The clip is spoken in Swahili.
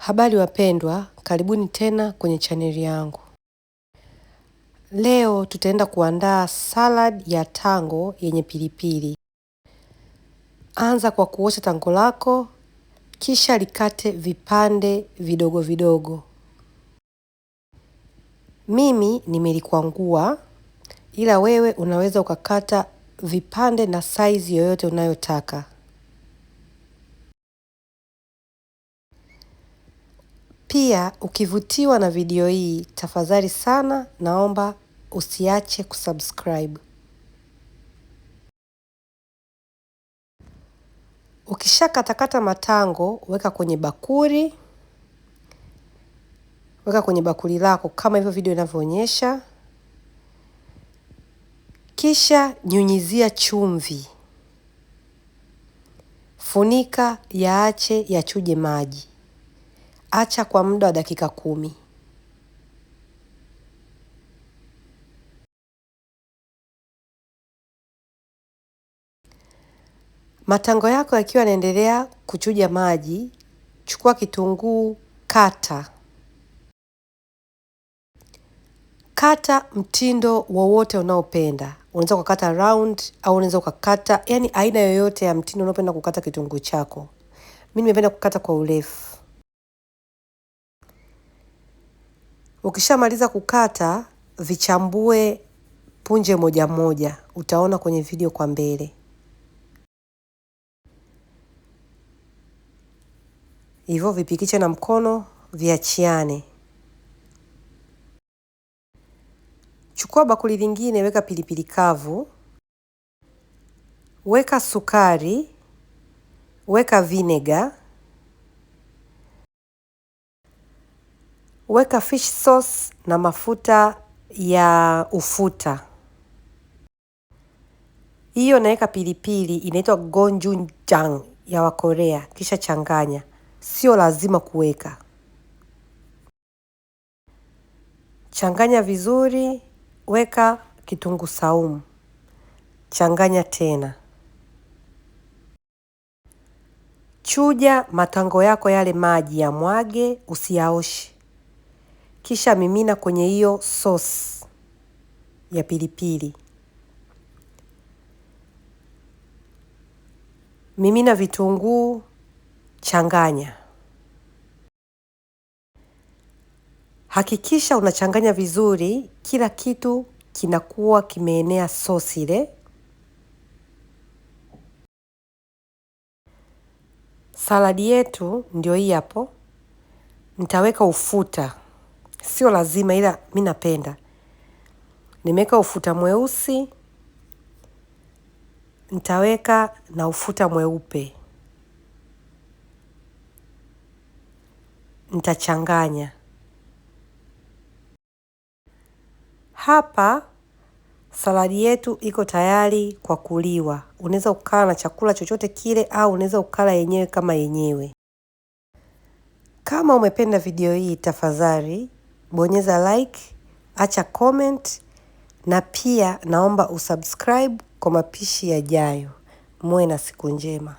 Habari wapendwa, karibuni tena kwenye chaneli yangu. Leo tutaenda kuandaa salad ya tango yenye pilipili. Anza kwa kuosha tango lako, kisha likate vipande vidogo vidogo. Mimi nimelikwangua, ila wewe unaweza ukakata vipande na saizi yoyote unayotaka. Pia ukivutiwa na video hii, tafadhali sana naomba usiache kusubscribe. Ukishakatakata matango, weka kwenye bakuli, weka kwenye bakuli lako kama hivyo video inavyoonyesha, kisha nyunyizia chumvi, funika yaache yachuje maji. Acha kwa muda wa dakika kumi. Matango yako yakiwa yanaendelea kuchuja maji, chukua kitunguu kata. Kata mtindo wowote unaopenda. Unaweza ukakata round au unaweza ukakata, yani aina yoyote ya mtindo unaopenda kukata kitunguu chako. Mimi nimependa kukata kwa urefu. Ukishamaliza kukata, vichambue punje moja moja, utaona kwenye video kwa mbele. Hivyo vipikiche na mkono viachiane. Chukua bakuli lingine, weka pilipili kavu, weka sukari, weka vinega Weka fish sauce na mafuta ya ufuta. Hiyo naweka pilipili, inaitwa gochujang ya Wakorea, kisha changanya, sio lazima kuweka. Changanya vizuri, weka kitunguu saumu, changanya tena. Chuja matango yako, yale maji ya mwage, usiyaoshe kisha mimina kwenye hiyo sauce ya pilipili. Mimina vitunguu, changanya. Hakikisha unachanganya vizuri, kila kitu kinakuwa kimeenea sosi ile. Saladi yetu ndio hii hapo. Nitaweka ufuta sio lazima, ila mi napenda. Nimeweka ufuta mweusi, nitaweka na ufuta mweupe, nitachanganya hapa. Saladi yetu iko tayari kwa kuliwa. Unaweza ukala na chakula chochote kile, au unaweza ukala yenyewe kama yenyewe. Kama umependa video hii, tafadhali bonyeza like, acha comment na pia naomba usubscribe kwa mapishi yajayo. Muwe na siku njema.